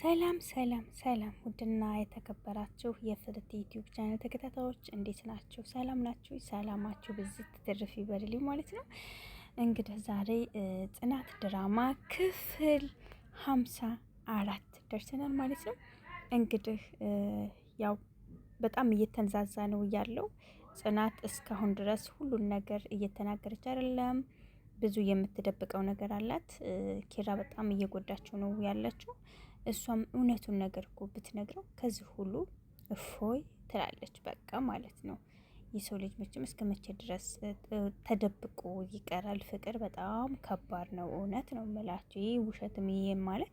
ሰላም ሰላም ሰላም ውድና የተከበራችሁ የፍርት ዩቲዩብ ቻናል ተከታታዮች እንዴት ናችሁ? ሰላም ናችሁ? ሰላማችሁ ብዝት ትርፍ ይበልልኝ ማለት ነው። እንግዲህ ዛሬ ጽናት ድራማ ክፍል ሀምሳ አራት ደርሰናል ማለት ነው። እንግዲህ ያው በጣም እየተንዛዛ ነው ያለው ጽናት እስካሁን ድረስ ሁሉን ነገር እየተናገረች አይደለም። ብዙ የምትደብቀው ነገር አላት። ኪራ በጣም እየጎዳችው ነው ያለችው እሷም እውነቱን ነገር እኮ ብትነግረው ከዚህ ሁሉ እፎይ ትላለች። በቃ ማለት ነው የሰው ልጅ መቼም እስከ መቼ ድረስ ተደብቆ ይቀራል? ፍቅር በጣም ከባድ ነው። እውነት ነው የምላቸው ይህ ውሸትም ይሄ ማለት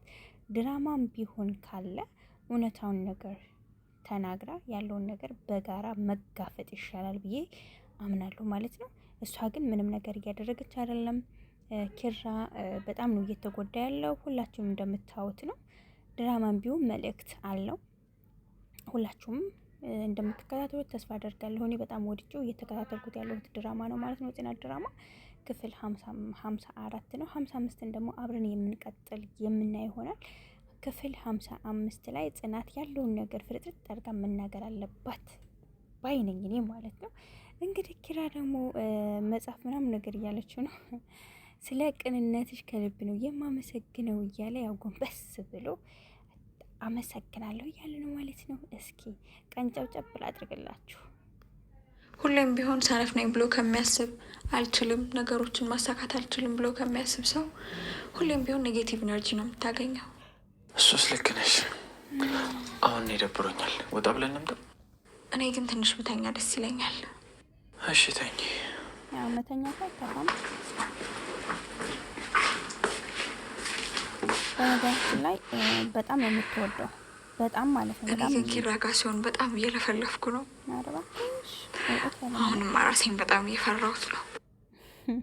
ድራማም ቢሆን ካለ እውነታውን ነገር ተናግራ ያለውን ነገር በጋራ መጋፈጥ ይሻላል ብዬ አምናለሁ ማለት ነው። እሷ ግን ምንም ነገር እያደረገች አይደለም። ኪራ በጣም ነው እየተጎዳ ያለው። ሁላችንም እንደምታዩት ነው። ድራማን ቢሆን መልእክት አለው። ሁላችሁም እንደምትከታተሉት ተስፋ አደርጋለሁ። እኔ በጣም ወድጄው እየተከታተልኩት ያለሁት ድራማ ነው ማለት ነው። ጽናት ድራማ ክፍል ሀምሳ አራት ነው። ሀምሳ አምስትን ደግሞ አብረን የምንቀጥል የምናይ ይሆናል። ክፍል ሀምሳ አምስት ላይ ጽናት ያለውን ነገር ፍርጥርጥ አድርጋ መናገር አለባት ባይ ነኝ እኔ ማለት ነው። እንግዲህ ኪራ ደግሞ መጽሐፍ ምናምን ነገር እያለችው ነው ስለ ቅንነትሽ ከልብ ነው የማመሰግነው እያለ ያው ጎንበስ ብሎ አመሰግናለሁ እያለ ነው ማለት ነው። እስኪ ቀንጫው ጨብል አድርግላችሁ። ሁሌም ቢሆን ሰነፍ ነኝ ብሎ ከሚያስብ አልችልም፣ ነገሮችን ማሳካት አልችልም ብሎ ከሚያስብ ሰው ሁሌም ቢሆን ኔጌቲቭ ኢነርጂ ነው የምታገኘው። እሱስ ልክ ነሽ። አሁን ይደብሮኛል፣ ወጣ ብለን እንምጣ። እኔ ግን ትንሽ ብተኛ ደስ ይለኛል። እሺ ተኝ። ያው መተኛት አይከፋም። በነገራችን ላይ በጣም የምትወደው በጣም ማለት ነው። በጣም ኪራ ጋር ሲሆን በጣም እየለፈለፍኩ ነው። አሁንም ራሴን በጣም እየፈራሁት ነው።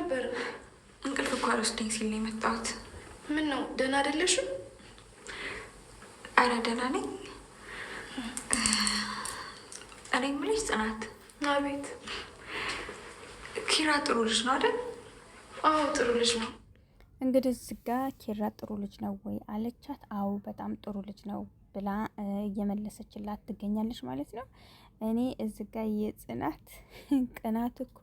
ነበር? እንቅልፍ እኮ አልወስደኝ ሲል ነው የመጣሁት። ምን ነው ደህና አይደለሽም? አረ ደህና ነኝ። እኔ የምልሽ ጽናት። አቤት። ኪራ ጥሩ ልጅ ነው አይደል? አዎ ጥሩ ልጅ ነው። እንግዲህ እዚጋ ኪራ ጥሩ ልጅ ነው ወይ አለቻት። አዎ በጣም ጥሩ ልጅ ነው ብላ እየመለሰችላት ትገኛለች ማለት ነው። እኔ እዚጋ የጽናት ቅናት እኮ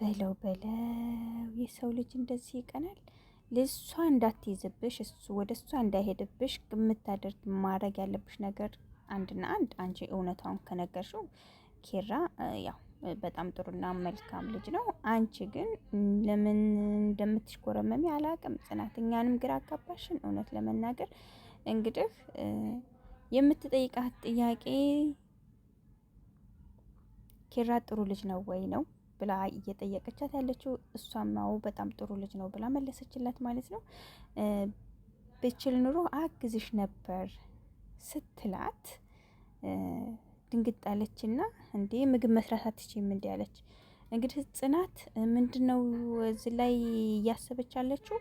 በለው በለው የሰው ልጅ እንደዚህ ይቀናል። ለእሷ እንዳትይዝብሽ እሱ ወደ እሷ እንዳይሄድብሽ የምታደርግ ማድረግ ያለብሽ ነገር አንድና አንድ አንቺ እውነታውን ከነገርሽው ኬራ ያው በጣም ጥሩና መልካም ልጅ ነው። አንቺ ግን ለምን እንደምትሽኮረመሚ አላቅም። ጽናት እኛንም ግራ አጋባሽን። እውነት ለመናገር እንግዲህ የምትጠይቃት ጥያቄ ኬራ ጥሩ ልጅ ነው ወይ ነው ብላ እየጠየቀቻት ያለችው እሷማው በጣም ጥሩ ልጅ ነው ብላ መለሰችላት ማለት ነው። ብችል ኑሮ አግዝሽ ነበር ስትላት ድንግጣለች አለችና እንዴ ምግብ መስራት አትችይም እንዲ አለች። እንግዲህ ጽናት ምንድነው እዚ እዚህ ላይ እያሰበች ያለችው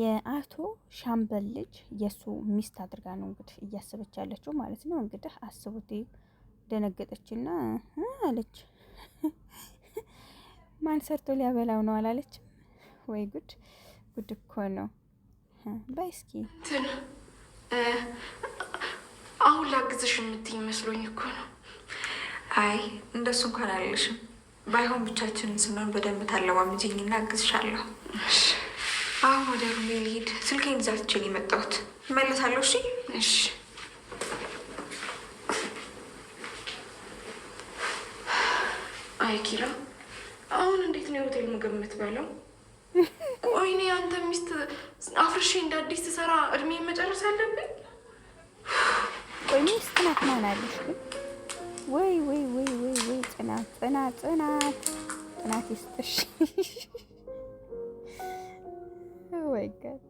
የአቶ ሻምበል ልጅ የእሱ ሚስት አድርጋ ነው እንግዲህ እያሰበች ያለችው ማለት ነው። እንግዲህ አስቡት ደነገጠችና አለች ማን ሰርቶ ሊያበላው ነው አላለችም ወይ? ጉድ ጉድ እኮ ነው። በይ እስኪ አሁን ላግዝሽ የምትይኝ መስሎኝ እኮ ነው። አይ እንደሱ እንኳን አለሽም። ባይሆን ብቻችንን ስንሆን በደንብ ታለማምጂኝና አግዝሻለሁ። አሁን ወደ ሩሜ ልሂድ። ስልኬን ዛትችል የመጣሁት እመለሳለሁ። እሺ ምግብ የምትበላው? ቆይ እኔ አንተ ሚስት አፍርሼ እንደ አዲስ ትሰራ እድሜ መጨረስ አለብኝ? ቆይ ሚስት ናት ማናለሽ? ወይ ወይ ወይ ወይ ወይ ጽናት ጽናት ጽናት ጽናት ይስጥሽ። ወይ ጋድ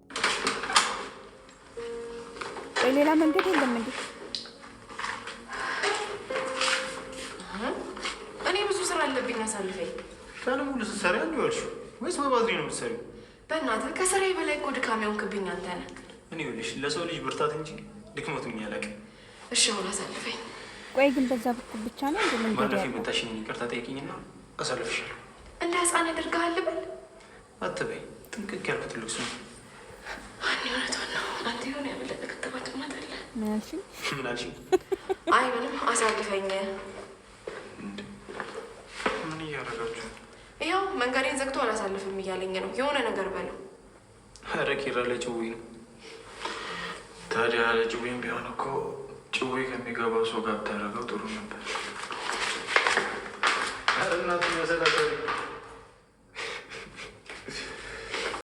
ወይ ሌላ መንገድ የለም እንዴ? ቀን ሙሉ ስትሰሪ አንድ ዋልሽ ወይስ በባትሪ ነው የምትሰሪው? በእናትህ ከስራዬ በላይ እኮ ድካም የሆንክብኝ አንተ ነህ። እኔ ይኸውልሽ ለሰው ልጅ ብርታት እንጂ ድክመቱኝ አላውቅም። እሺ አሁን አሳልፈኝ። ቆይ ግን በዛ በኩል ብቻ ነው እንደምን ማለፍ የመጣሽኝ? ይቅርታ ጠይቅኝና አሳልፍሻለሁ። እንደ ህፃን ያደርግሃል ብል አትበይ። ጥንቅቅ ያልኩት ልቅሱ ነው። አንዴ እውነቷን ነው። አንተ የሆነ ያበለጠ ክትባት ማት አለ ምን አልሽኝ? ምን አልሽኝ? አይ ምንም አሳልፈኝ እያለኝ ነው። የሆነ ነገር በለው። ኧረ ኪራ ለጭዌ ነው። ታዲያ ለጭዌም ቢሆን እኮ ጭዌ ከሚገባው ሰው ጋር ብታደርገው ጥሩ ነበር።